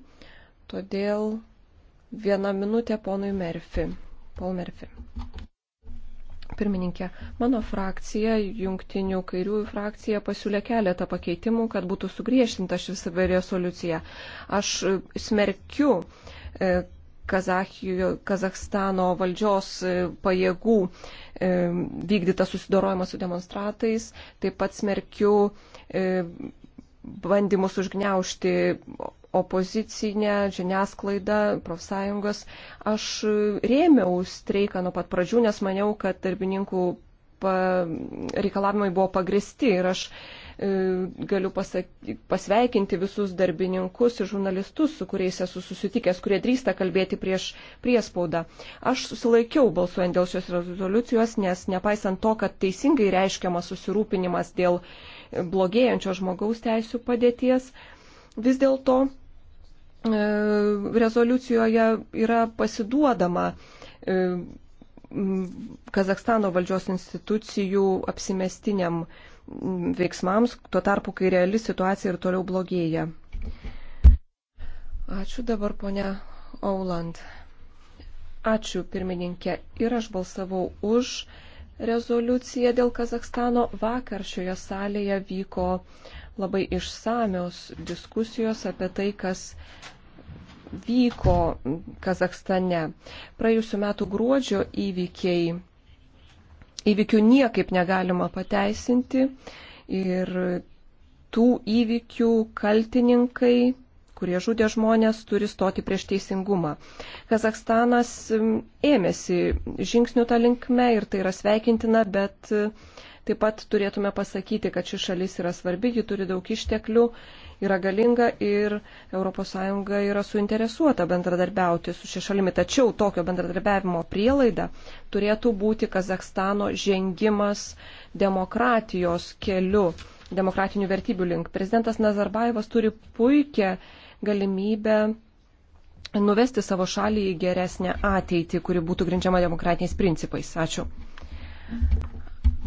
todėl Viena minutė ponui Merfi. Paul Merfi. Pirmininkė, mano frakcija, jungtinių kairiųjų frakcija pasiūlė keletą pakeitimų, kad būtų sugriežtinta šis resoliucija. Aš smerkiu e, Kazachijo, Kazakstano valdžios e, pajėgų e, vykdytą susidorojimą su demonstratais, taip pat smerkiu bandymus užgneušti opozicinę žiniasklaidą, profsąjungas. Aš rėmiau streiką nuo pat pradžių, nes maniau, kad darbininkų pa, reikalavimai buvo pagristi ir aš e, galiu pasak, pasveikinti visus darbininkus ir žurnalistus, su kuriais esu susitikęs, kurie drįsta kalbėti prieš priespaudą. Aš susilaikiau balsuojant dėl šios rezoliucijos, nes nepaisant to, kad teisingai reiškiamas susirūpinimas dėl blogėjančio žmogaus teisų padėties, vis dėlto E, rezoliucijoje yra pasiduodama e, Kazakstano valdžios institucijų apsimestiniam veiksmams, tuo tarpu, kai reali situacija ir toliau blogėja. Ačiū dabar, ponia Auland. Ačiū, pirmininkė. Ir aš balsavau už rezoliuciją dėl Kazakstano. Vakar šioje salėje vyko uh, labai išsamios diskusijos apie tai, kas vyko Kazakstane. Praėjusiu metu gruodžio įvykiai, įvykių niekaip negalima pateisinti ir tų įvykių kaltininkai, kurie žudė žmonės, turi stoti prieš teisingumą. Kazakstanas mm, ėmėsi žingsnių tą linkme ir tai yra sveikintina, bet Taip pat turėtume pasakyti, kad ši šalis yra svarbi, ji turi daug išteklių, yra galinga ir ES yra suinteresuota bendradarbiauti su šia šalimi. Tačiau tokio bendradarbiavimo prielaida turėtų būti Kazakstano žengimas demokratijos keliu, demokratinių vertybių link. Prezidentas Nazarbaevas turi puikią galimybę nuvesti savo šalį į geresnę ateitį, kuri būtų grindžiama demokratiniais principais. Ačiū.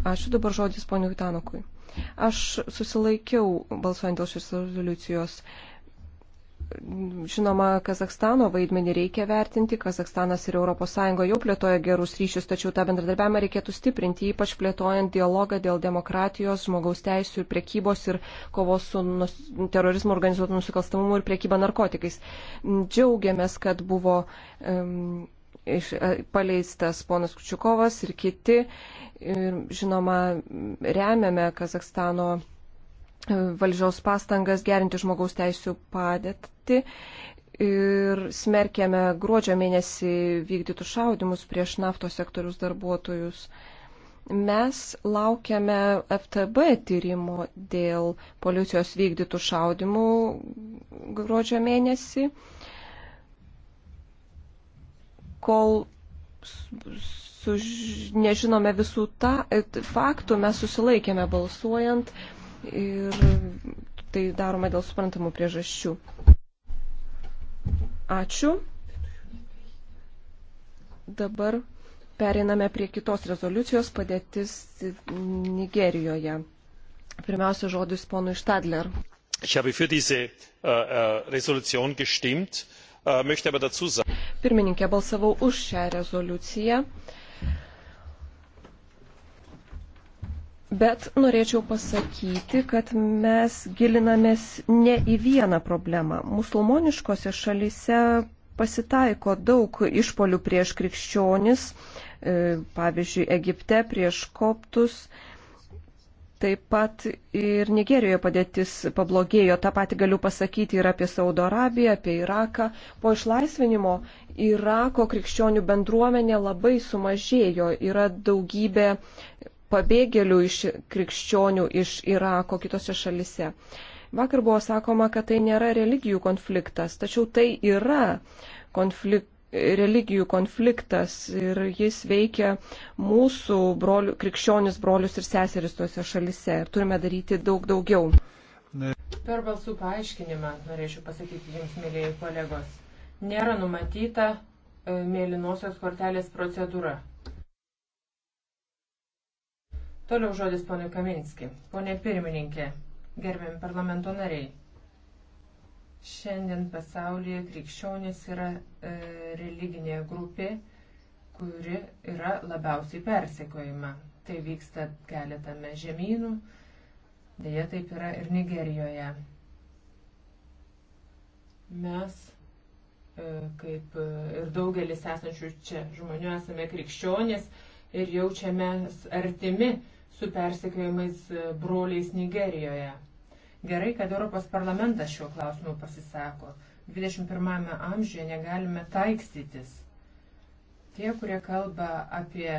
Ačiū dabar žodis poniu Tanokui. Aš susilaikiau balsuojant dėl šios rezoliucijos. Žinoma, Kazakstano vaidmenį reikia vertinti. Kazakstanas ir ES jau plėtoja gerus ryšius, tačiau tą bendradarbiavimą reikėtų stiprinti, ypač plėtojant dialogą dėl demokratijos, žmogaus teisų ir priekybos ir kovos su nus... terorizmu organizuotų nusikalstamumu ir priekyba narkotikais. Džiaugiamės, kad buvo. Um, paleistas ponas Kučiukovas ir kiti. Ir, žinoma, remiame Kazakstano e, valdžios pastangas gerinti žmogaus teisų padėtį ir smerkėme gruodžio mėnesį vykdytų šaudimus prieš naftos sektorius darbuotojus. Mes laukiame FTB tyrimo dėl policijos vykdytų šaudimų gruodžio mėnesį. Uh, kol suž... nežinome visų ta... E, faktų, mes susilaikėme balsuojant ir tai darome dėl suprantamų priežasčių. Ačiū. Dabar pereiname prie kitos rezoliucijos padėtis Nigerijoje. Pirmiausia, žodis ponui Štadler. Ich habe für diese äh, äh Resolution gestimmt Pirmininkė, balsavau už šią rezoliuciją, bet norėčiau pasakyti, kad mes gilinamės ne į vieną problemą. Musulmoniškose šalise pasitaiko daug išpolių prieš krikščionis, e, pavyzdžiui, Egipte prieš koptus Taip pat ir Nigerijoje padėtis pablogėjo. Ta pati galiu pasakyti ir apie Saudo Arabiją, apie Iraką. Po išlaisvinimo Irako krikščionių bendruomenė labai sumažėjo. Yra daugybė pabėgėlių iš krikščionių iš Irako kitose šalise. Vakar buvo sakoma, kad tai nėra religijų konfliktas, tačiau tai yra konflik religijų konfliktas ir jis veikia mūsų brolių, krikščionis brolius ir seseris tuose šalise ir turime daryti daug daugiau. Ne. Per balsų paaiškinimą norėčiau pasakyti jums, mėlyjei kolegos, nėra numatyta e, mėlynosios kortelės procedūra. Toliau žodis ponui Kaminski. Pone pirmininkė, gerbiami parlamento nariai. Šiandien pasaulyje krikščionės yra e, religinė grupė, kuri yra labiausiai persekiojama. Tai vyksta keletame žemynų, dėja taip yra ir Nigerijoje. Mes, e, kaip e, ir daugelis esančių čia žmonių, esame krikščionės ir jaučiame artimi su persekiojimais e, broliais Nigerijoje. Gerai, kad Europos parlamentas šiuo klausimu pasisako. 21 amžiuje negalime taikstytis. Tie, kurie kalba apie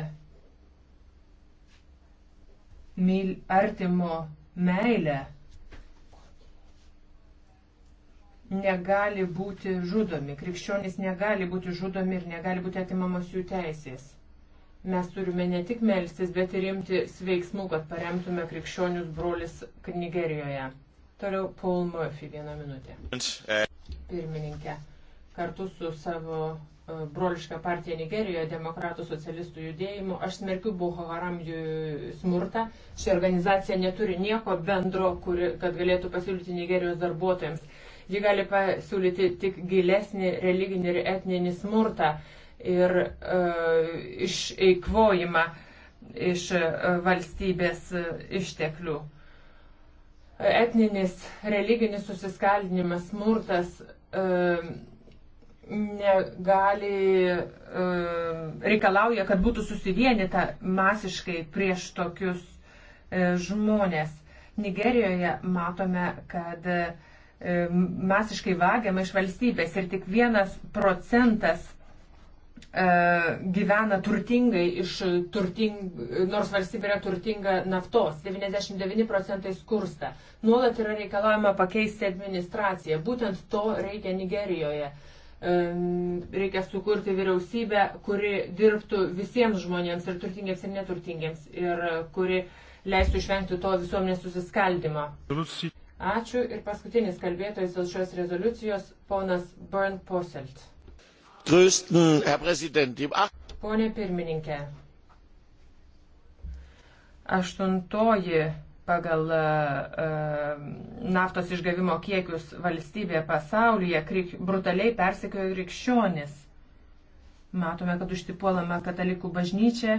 myl, artimo meilę, negali būti žudomi. Krikščionys negali būti žudomi ir negali būti atimamos jų teisės. Mes turime ne tik melstis, bet ir imti sveiksmų, kad paremtume krikščionius brolis Nigerijoje. Toliau Paul Murphy vieną minutę. Pirmininkė, kartu su savo e, brolišką partiją Nigerijoje, demokratų socialistų judėjimu. Aš smerkiu Boko Haram smurtą. Ši organizacija neturi nieko bendro, kuri, kad galėtų pasiūlyti Nigerijos darbuotojams. Ji gali pasiūlyti tik gilesnį religinį ir etninį smurtą ir uh, e, išeikvojimą iš e, valstybės e, išteklių. Uh, etninis, religinis susiskaldinimas, smurtas e, negali, e, reikalauja, kad būtų susivienita masiškai prieš tokius e, žmonės. Nigerijoje matome, kad masiškai vagiama iš valstybės ir tik vienas procentas E, gyvena turtingai iš turting, nors valstybė yra turtinga naftos, 99 procentai skursta. Nuolat yra reikalavima pakeisti administraciją. Būtent to reikia Nigerijoje. E, reikia sukurti vyriausybę, kuri dirbtų visiems žmonėms ir turtingiems ir neturtingiems ir kuri leistų išvengti to visuomenės susiskaldimo. Ačiū ir paskutinis kalbėtojas dėl šios rezoliucijos, ponas Bern Poselt größten, Herr Präsident, im achten. Pone pirmininkė, aštuntoji pagal uh, naftos išgavimo kiekius valstybė pasaulyje krik, brutaliai persekiojo krikščionis. Matome, kad užtipuolama katalikų bažnyčia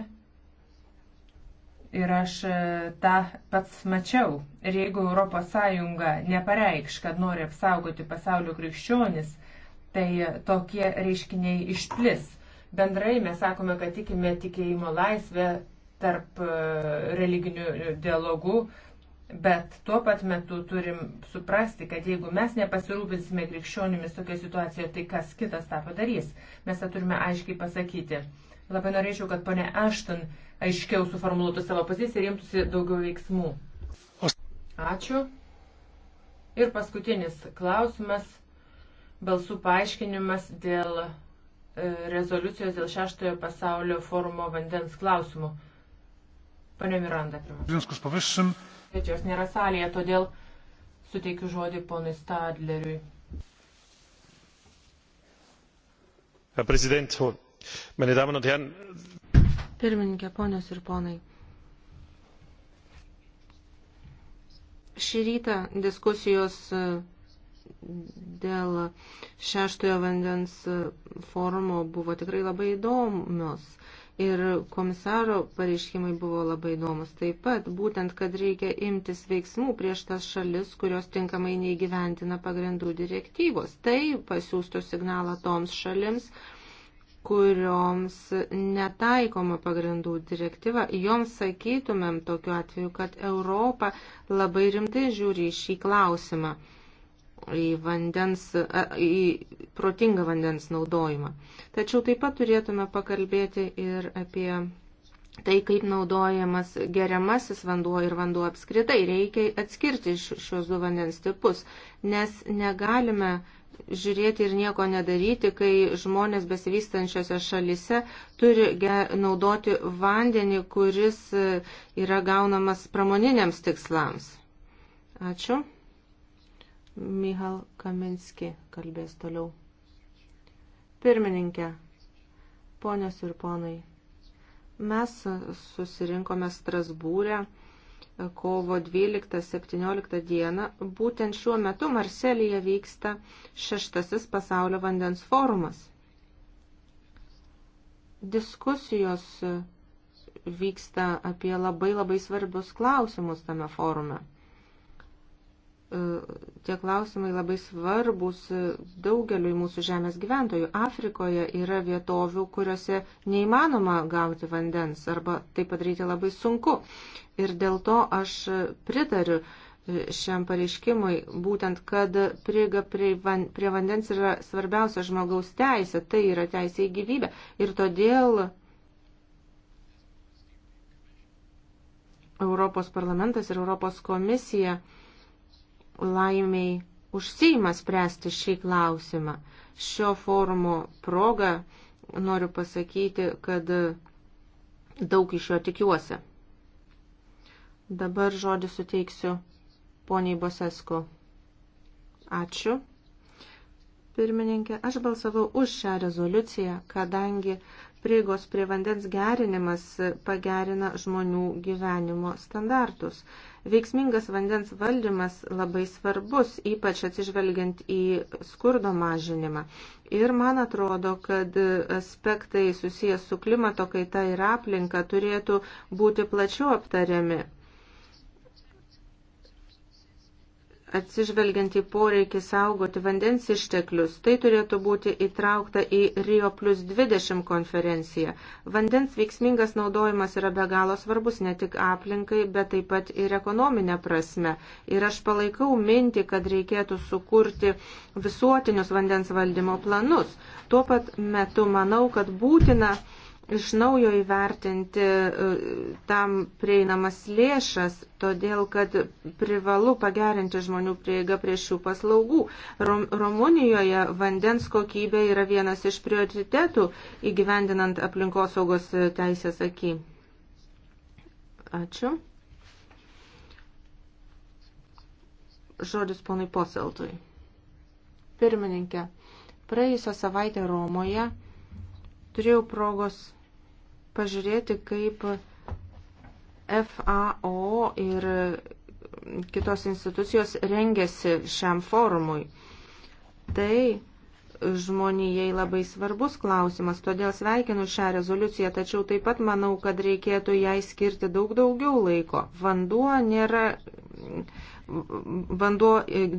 ir aš e, tą pats mačiau. Ir jeigu ES nepareikš, kad nori apsaugoti pasaulio krikščionis, tai tokie reiškiniai išplis. Bendrai mes sakome, kad tikime tikėjimo laisvę tarp e, religinių e, dialogų, bet tuo pat metu turim suprasti, kad jeigu mes nepasirūpinsime krikščionimis tokia situacija, tai kas kitas tą padarys. Mes tą turime aiškiai pasakyti. Labai norėčiau, kad ponė Ashton aiškiau suformuoluotų savo poziciją ir imtųsi daugiau veiksmų. Ačiū. Ir paskutinis klausimas balsų paaiškinimas dėl e, rezoliucijos dėl šeštojo pasaulio forumo vandens klausimų. Pane Miranda, pirmiausia. Jos nėra salėje, todėl suteikiu žodį ponui Stadleriui. Herr Präsident, meine Damen und Herren. Pirmininkė, ponios ir ponai. Šį rytą diskusijos e, dėl šeštojo vandens forumo buvo tikrai labai įdomios. Ir komisaro pareiškimai buvo labai įdomus taip pat, būtent, kad reikia imtis veiksmų prieš tas šalis, kurios tinkamai neįgyventina pagrindų direktyvos. Tai pasiūstų signalą toms šalims, kurioms netaikoma pagrindų direktyva, joms sakytumėm tokiu atveju, kad Europa labai rimtai žiūri į šį klausimą į, vandens, į protingą vandens naudojimą. Tačiau taip pat turėtume pakalbėti ir apie tai, kaip naudojamas geriamasis vanduo ir vanduo apskritai. Reikia atskirti šios du vandens tipus, nes negalime žiūrėti ir nieko nedaryti, kai žmonės besivystančiose šalise turi naudoti vandenį, kuris e, yra gaunamas pramoniniams tikslams. Ačiū. Mihal Kaminski kalbės toliau. Pirmininkė, ponios ir ponai, mes susirinkome Strasbūrę kovo 12-17 dieną. Būtent šiuo metu Marselėje vyksta šeštasis pasaulio vandens forumas. Diskusijos vyksta apie labai labai svarbius klausimus tame forume. E, tie klausimai labai svarbus daugeliui mūsų žemės gyventojų. Afrikoje yra vietovių, kuriuose neįmanoma gauti vandens arba tai padaryti labai sunku. Ir dėl to aš pritariu e, šiam pareiškimui, būtent, kad prieiga prie, van, prie vandens yra svarbiausia žmogaus teisė, tai yra teisė į gyvybę. Ir todėl Europos parlamentas ir Europos komisija uh, laimiai užsima spręsti šį klausimą. Šio forumo proga noriu pasakyti, kad daug iš jo tikiuosi. Dabar žodį suteiksiu poniai Bosesko. Ačiū. Pirmininkė, aš balsavau už šią rezoliuciją, kadangi prieigos prie vandens gerinimas pagerina žmonių gyvenimo standartus. Veiksmingas vandens valdymas labai svarbus, ypač atsižvelgiant į skurdo mažinimą. Ir man atrodo, kad aspektai susijęs su klimato kaita ir aplinka turėtų būti plačiau aptariami. atsižvelgiant į poreikį saugoti vandens išteklius, tai turėtų būti įtraukta į Rio plus 20 konferenciją. Vandens veiksmingas naudojimas yra be galo svarbus ne tik aplinkai, bet taip pat ir ekonominė prasme. Ir aš palaikau mintį, kad reikėtų sukurti visuotinius vandens valdymo planus. Tuo pat metu manau, kad būtina iš naujo įvertinti e, tam prieinamas lėšas, todėl kad privalu pagerinti žmonių prieigą prie šių paslaugų. Rumunijoje vandens kokybė yra vienas iš prioritetų įgyvendinant aplinkosaugos teisės akį. Ačiū. Žodis ponui Poseltui. Pirmininkė, praėjusią savaitę Romoje turėjau progos pažiūrėti, kaip FAO ir kitos institucijos rengėsi šiam forumui. Tai žmonijai labai svarbus klausimas, todėl sveikinu šią rezoliuciją, tačiau taip pat manau, kad reikėtų jai skirti daug daugiau laiko. Vanduo nėra, vanduo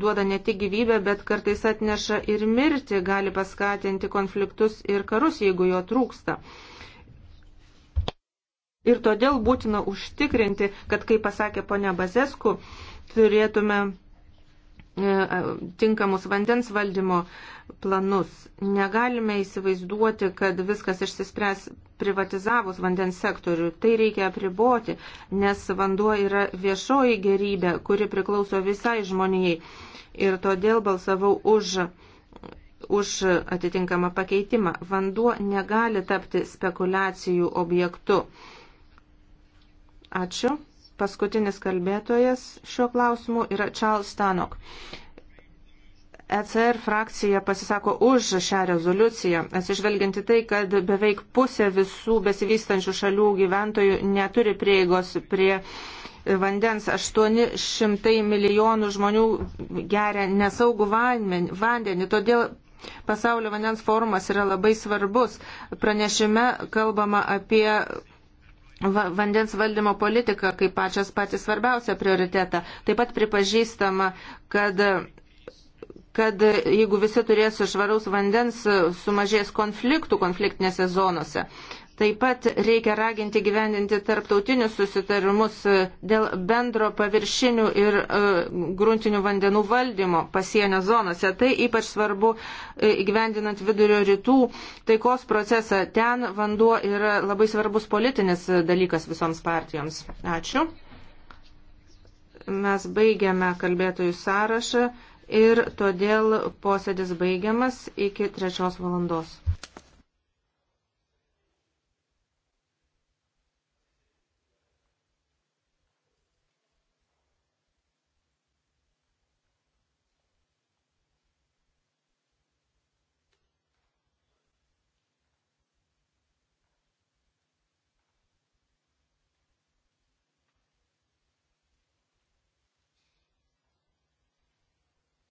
duoda ne tik gyvybę, bet kartais atneša ir mirti, gali paskatinti konfliktus ir karus, jeigu jo trūksta. Ir todėl būtina užtikrinti, kad, kaip pasakė ponia Bazesku, turėtume e, tinkamus vandens valdymo planus. Negalime įsivaizduoti, kad viskas išsispręs privatizavus vandens sektorių. Tai reikia apriboti, nes vanduo yra viešoji gerybė, kuri priklauso visai žmonijai. Ir todėl balsavau už, už atitinkamą pakeitimą. Vanduo negali tapti spekulacijų objektu. Ačiū. Paskutinis kalbėtojas šiuo klausimu yra Charles Stanok. ECR frakcija pasisako už šią rezoliuciją, atsižvelgianti tai, kad beveik pusė visų besivystančių šalių gyventojų neturi prieigos prie vandens. 800 milijonų žmonių geria nesaugų vandenį, todėl pasaulio vandens forumas yra labai svarbus. Pranešime kalbama apie vandens valdymo politiką kaip pačias patį svarbiausią prioritetą. Taip pat pripažįstama, kad kad jeigu visi turės švaraus vandens, sumažės konfliktų konfliktinėse zonose. Taip pat reikia raginti gyvendinti tarptautinius susitarimus dėl bendro paviršinių ir e, gruntinių vandenų valdymo pasienio zonose. Tai ypač svarbu e, įgyvendinant vidurio rytų taikos procesą. Ten vanduo yra labai svarbus politinis dalykas visoms partijoms. Ačiū. Mes baigiame kalbėtojų sąrašą ir todėl posėdis baigiamas iki trečios valandos.